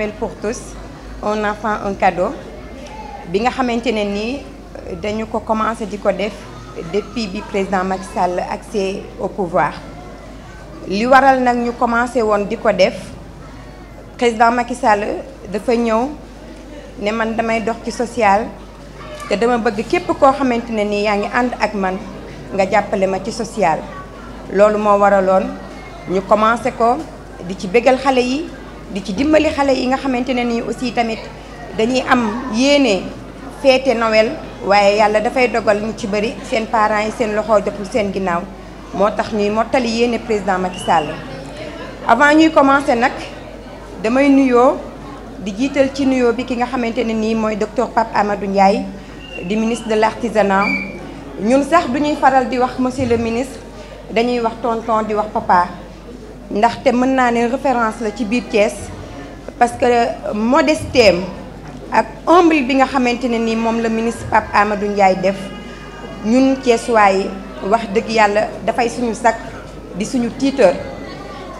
Noël pour tous un enfant un cadeau bi nga xamante dañu ko commencé di ko def depuis bi président Macky Sall accès au pouvoir li waral nag ñu commencé woon di ko def président Macky Sall dafa ñëw ne man damay dox ci social te dama bëgg képp koo xamante ne nii yaa ngi ànd ak man nga jàppale ma ci social loolu mo waraloon ñu commencé ko di ci bégal xalé yi. di ci dimbali xale yi nga xamante ne nii aussi tamit dañuy am yéene feete nowel waaye yàlla dafay dogal ñu ci bëri seen parents yi seen loxo jotul seen ginnaaw moo tax ñuy mottali yéene président Macky sàll avant ñuy commencer nag damay nuyoo di jiital ci nuyoo bi ki nga xamante ne nii mooy docteur Pape Amadou Ndiaye di ministre de l'artisanat ñun sax du ñuy faral di wax monsieur le ministre dañuy wax tonton di wax papa. ndaxte mën naa ne référence la ci biir Thiès parce que modestem ak humble bi nga xamante ne ni moom la ministre Pape Amadou Ndiaye def ñun Thiès waaye wax dëgg da fay suñu sac di suñu tiiteur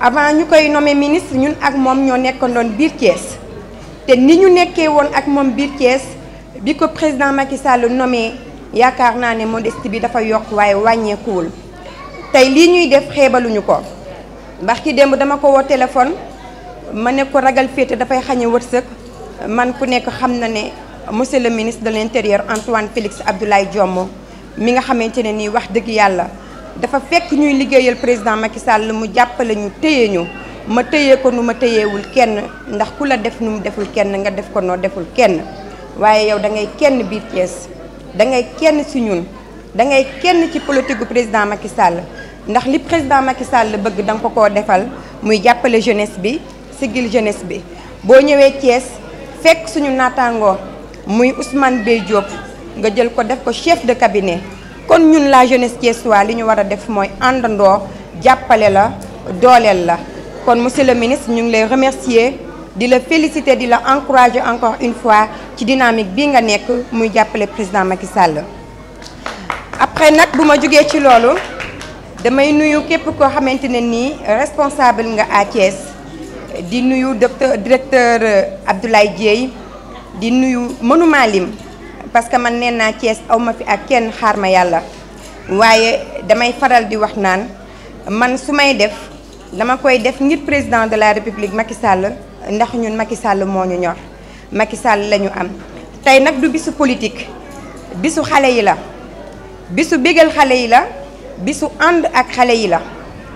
avant ñu koy nommé ministre ñun ak moom ñoo nekkandoon biir Thiès té ni ñu nekkee won ak mom biir Thiès biko président Macky Sall nommé yaakar na né modeste bi dafa way wañé koul tay li ñuy def xeebaluñu ko. ndax ki démb dama ko woo téléphone ma ne ko ragal féete dafay xañe wërsëg man ku nekk xam na ne monsieur le ministre de l'intérieur Antoine Félix Abdoulaye Diome mi nga xamante ne nii wax dëgg yàlla dafa fekk ñuy liggéeyal président Macky Sall mu jàppale ñu téye ñu ma téye ko nu ma téyewul kenn ndax ku la def nu mu deful kenn nga def ko noo deful kenn waaye yow da ngay kenn biir Thiès da ngay kenn si ñun da ngay kenn ci politique gu président Macky Sall ndax li président Macky Sall veut bëgg da nga ko koo jeunesse muy jàppale jeunesse bi jeunesse bi boo ñëwee Thiès fekk suñu naataangoo muy Ousmane Bey Diop nga jël ko def chef de cabinet kon ñun la jeunesse thiessoise li ñu war a def mooy àndandoo jàppale la dooleel la kon monsieur le ministre nous ngi lay remercier di féliciter di la encourager encore une fois ci dynamique bi nga nekk muy le président Macky Sall après nag bu ma jógee ci loolu damay nuyu képp ko xamantene ni responsable nga à di nuyu docteur directeur euh, Abdoulaye Dieye di nuyu mënuma lim parce que man nee ties awma fi ak kenn xaar ma yàlla damay faral di wax nan man sumay def dama koy def ngir président de la république Macky Sall ndax ñun Macky Sall mo ñu ñor Macky Sall la am tay nak du bisu politique bisu xalé yi la bisu bégal xalé yi la bisu and ak xale yi la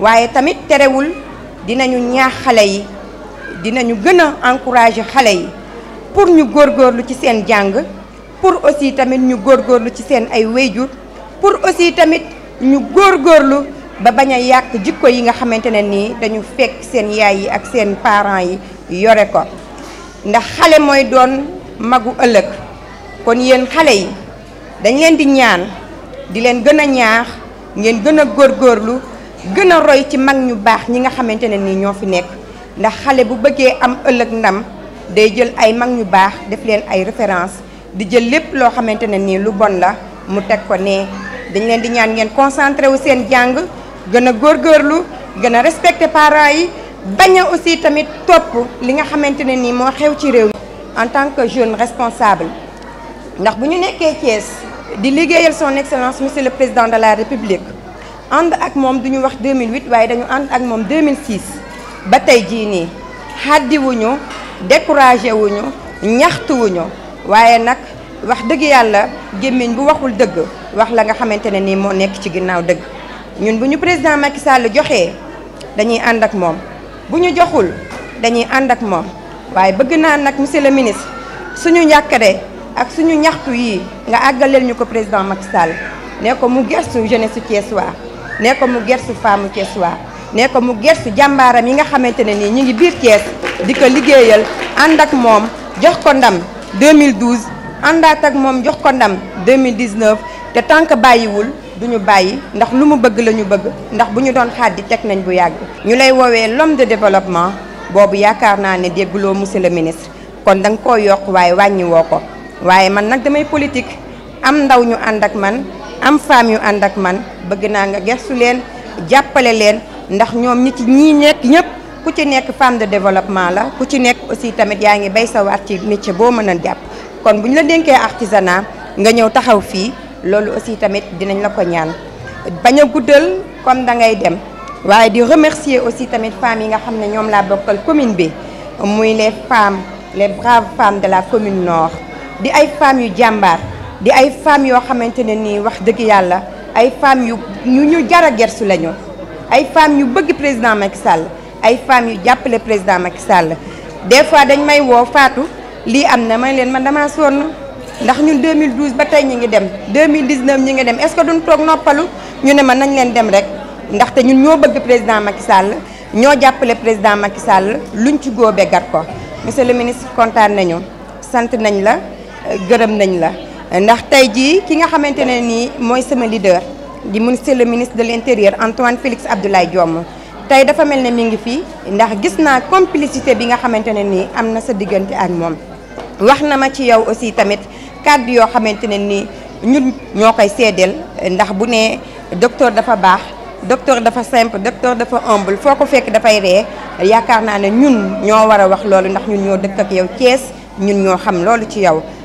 waaye tamit terewul dinañu ñaax xale yi dinañu gën a encourager xale yi pour ñu góorgóorlu ci seen jàng pour aussi tamit ñu góorgóorlu ci seen ay wéyjur pour aussi tamit ñu góorgóorlu ba bañ yak jikko yi nga xamante ne dañu fekk seen yaay yi ak seen parents yi yore ko ndax doon magu alak, kon yéen xale yi dañ leen di ñaan di leen ñaax ngeen gëna gor gorlu gëna roy ci mag ñu baax ñi nga xamantene ni nii ñoo fi nekk ndax xalé bu bëggee am ëlëk ndam day jël ay mag ñu baax def leen ay référence di jël lépp loo xamantene ni lu bon la mu teg ko ne dañ leen di ñaan ngeen concentré wu seen jàng gëna gor gorlu gëna a respecté parents yi baña aussi tamit topp li nga xamantene ni nii moo xew ci réew mi en tant que jeune responsable ndax bu ñu nekkee Thiès di liggéeyal son excellence monsieur le président de la république ànd ak moom duñu wax 2008 waaye dañu ànd ak moom 2006 ba tey jii nii xàddiwuñu découragé wuñu ñaxtuwuñu waaye nag wax dëgg yàlla gémmiñ bu waxul dëgg wax la nga xamante ne nii moo nekk ci ginnaaw dëgg ñun bu ñu président Macky Sall joxee dañuy ànd ak moom bu ñu joxul dañuy ànd ak moom waaye bëgg naa nag monsieur le ministre suñu njàkkare ak suñu ñaxtu yi nga ñuko président Macky Sall ne ko mu jeunesse soir ne ko mu gestu femme Thiès soir ne ko mu gestu jàmbaaram yi nga xamantene ni ñi ngi biir jox ko ndam 2012 ak jox ko ndam 2019 te tant que bàyyiwul du nous ndax lu bëgg nous bëgg ndax nous nañ bu ñu lay l'homme de développement bobu yakarna né ne monsieur le ministre kon dang ko yok waaye man nag damay politique am ndaw ñu ànd ak man am femme yu ànd ak man bëgg naa nga gëstu leen jàppale leen ndax ñoom ñi ñii nekk ñëpp ku ci nekk femme de développement la ku ci nekk aussi tamit yaa ngi bay sa waat ci métier boo mën a jàpp kon bu ñu la dénkee artisanat nga ñëw taxaw fii loolu aussi tamit dinañ la ko ñaan bañ a guddal comme da ngay dem waaye di remercier aussi tamit femmes yi nga xam ne ñoom laa bokkal commune bi muy les femmes les braves la commune nord di ay femmes yu jàmbaar di ay femmes yoo xamante ne nii wax dëgg yàlla ay femmes yu ñu ñu jar a gersu lañu ay femmes yu bëgg président Macky Sall ay femmes yu jàppale président Macky Sall des fois dañ may woo Fatou lii am na may leen man damaa sonn ndax ñun 2012 ba tey ñi ngi dem 2019 ñi ngi dem est-ce que duñ toog noppalu ñu ne ma nañ leen dem rek ndaxte ñun ñoo bëgg président Macky Sall ñoo jàppale président Macky Sall luñ ci góobee gat ko monsieur le ministre kontaan nañu sant nañ la. gërëm nañ la ndax tay ji ki nga xamantene ni moy sama leader di monsieur le ministre de l'intérieur Antoine Félix Abdoulaye Diom tay dafa melni mi ngi fi ndax gis na complicité bi nga xamantene ni amna sa digënté ak mom waxna ma ci yow aussi tamit kàddu yo xamantene ni ñun ñokay sédel ndax bu né docteur dafa bax docteur dafa simple docteur dafa humble foko ko fekk dafay ree yaakaar naa né ñun ño wara wax loolu ndax ñun ño dëkk ak yow Thiès ñun ño xam loolu ci yow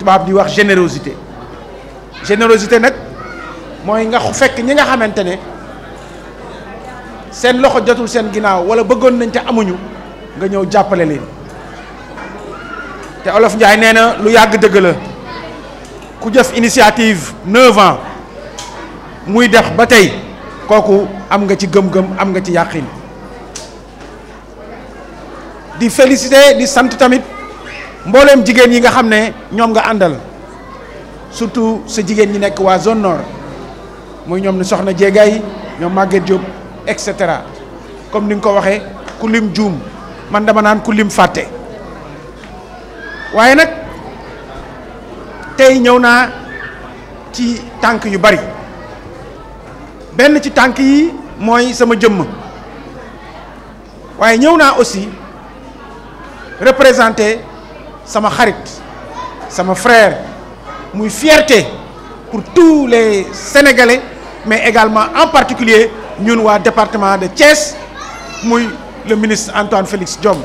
tubaab di wax générosité générosité nag mooy nga fekk ñi nga xamante ne seen loxo jotul seen ginnaaw wala bëggoon nañ te amuñu nga ñëw jàppale leen te Olof Njaay nee na lu yàgg dëgg la ku jëf initiative neuf ans muy def ba tey kooku am nga ci gëm-gëm am nga ci yàqin di féliciter di sant tamit mbooleem jigéen yi nga xam ne ñoom nga àndal surtout sa jigéen ñi nekk waa zone nord mooy ñoom ni soxna Jéegay ñoom màgget Diop et cetera comme ni nga ko waxee ku juum man dama naan ku fàtte waaye nag tey ñëw naa ci tànk yu bari benn ci tànk yi mooy sama jëmm waaye ñëw naa aussi représenté sama xarit sama frère muy fierté pour tous les sénégalais mais également en particulier ñun le département de Thiès le ministre Antoine Félix Diom.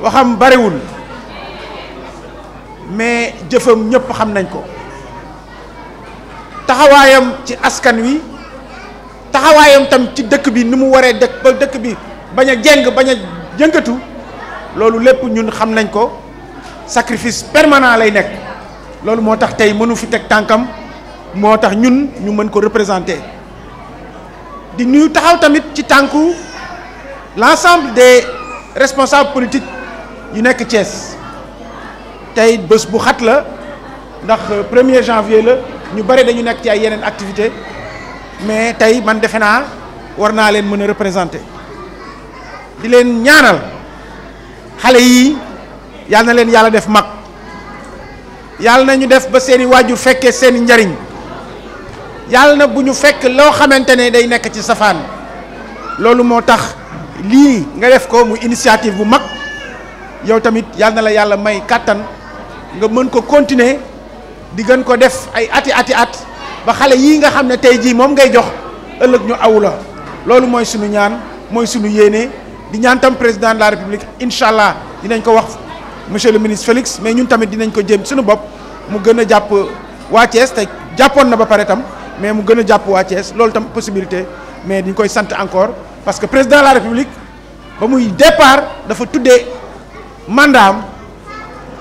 waxam bariwul mais je ñëpp xam nañ ko taxawayam ci askan wi taxawayam tam ci dëkk bi mu ba dëkk bi yëngatu loolu lépp ñun xam nañ ko sacrifice permanent lay nekk loolu moo tax tey mënu fi teg tànkam moo tax ñun ñu mën ko représenter di nuyu taxaw tamit ci tànku l'ensemble des responsables politiques yu nekk Thiès tey bés bu xat la ndax 1er janvier le, ñu bare dañu nekk ci ay yeneen activité mais tey man defe naa war naa leen mën représenter di len ñaanal xalé yi yal na len yalla def mak, yal na ñu def ba seeni waajur fekke seeni njariñ yal na buñu fekk lo xamantene day nekk ci safan lolu motax li nga def ko mu initiative bu mak, yow tamit yal na la yalla may katan nga mën ko continuer di gën ko def ay ati ati at ba xalé yi nga xamne tay ji mom ngay jox ëlëk ñu awula lolu moy suñu ñaan moy suñu yene di ñantam président de la république inshallah allah dinañ ko wax monsieur le ministre Félix mais ñun tamit dinañ ko jëm suñu bop mu gëna japp jàpp waa Thiès na ba paré tam mais mu gëna japp jàpp waa loolu tam possibilité mais diñ koy sant encore parce que président de la république ba muy départ dafa tuddee mandat am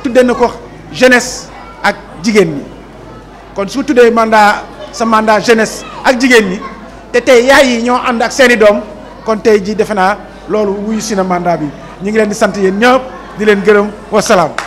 tuddee na ko jeunesse ak jigen ni kon su tuddee mandat sa mandat jeunesse ak jigen ni té tay yaay yi ñoo and ak seeni dom kon tay ji defe loolu wuyu si na mandat bi ñu ngi leen di sant yéen ñëpp di leen gërëm wasalaam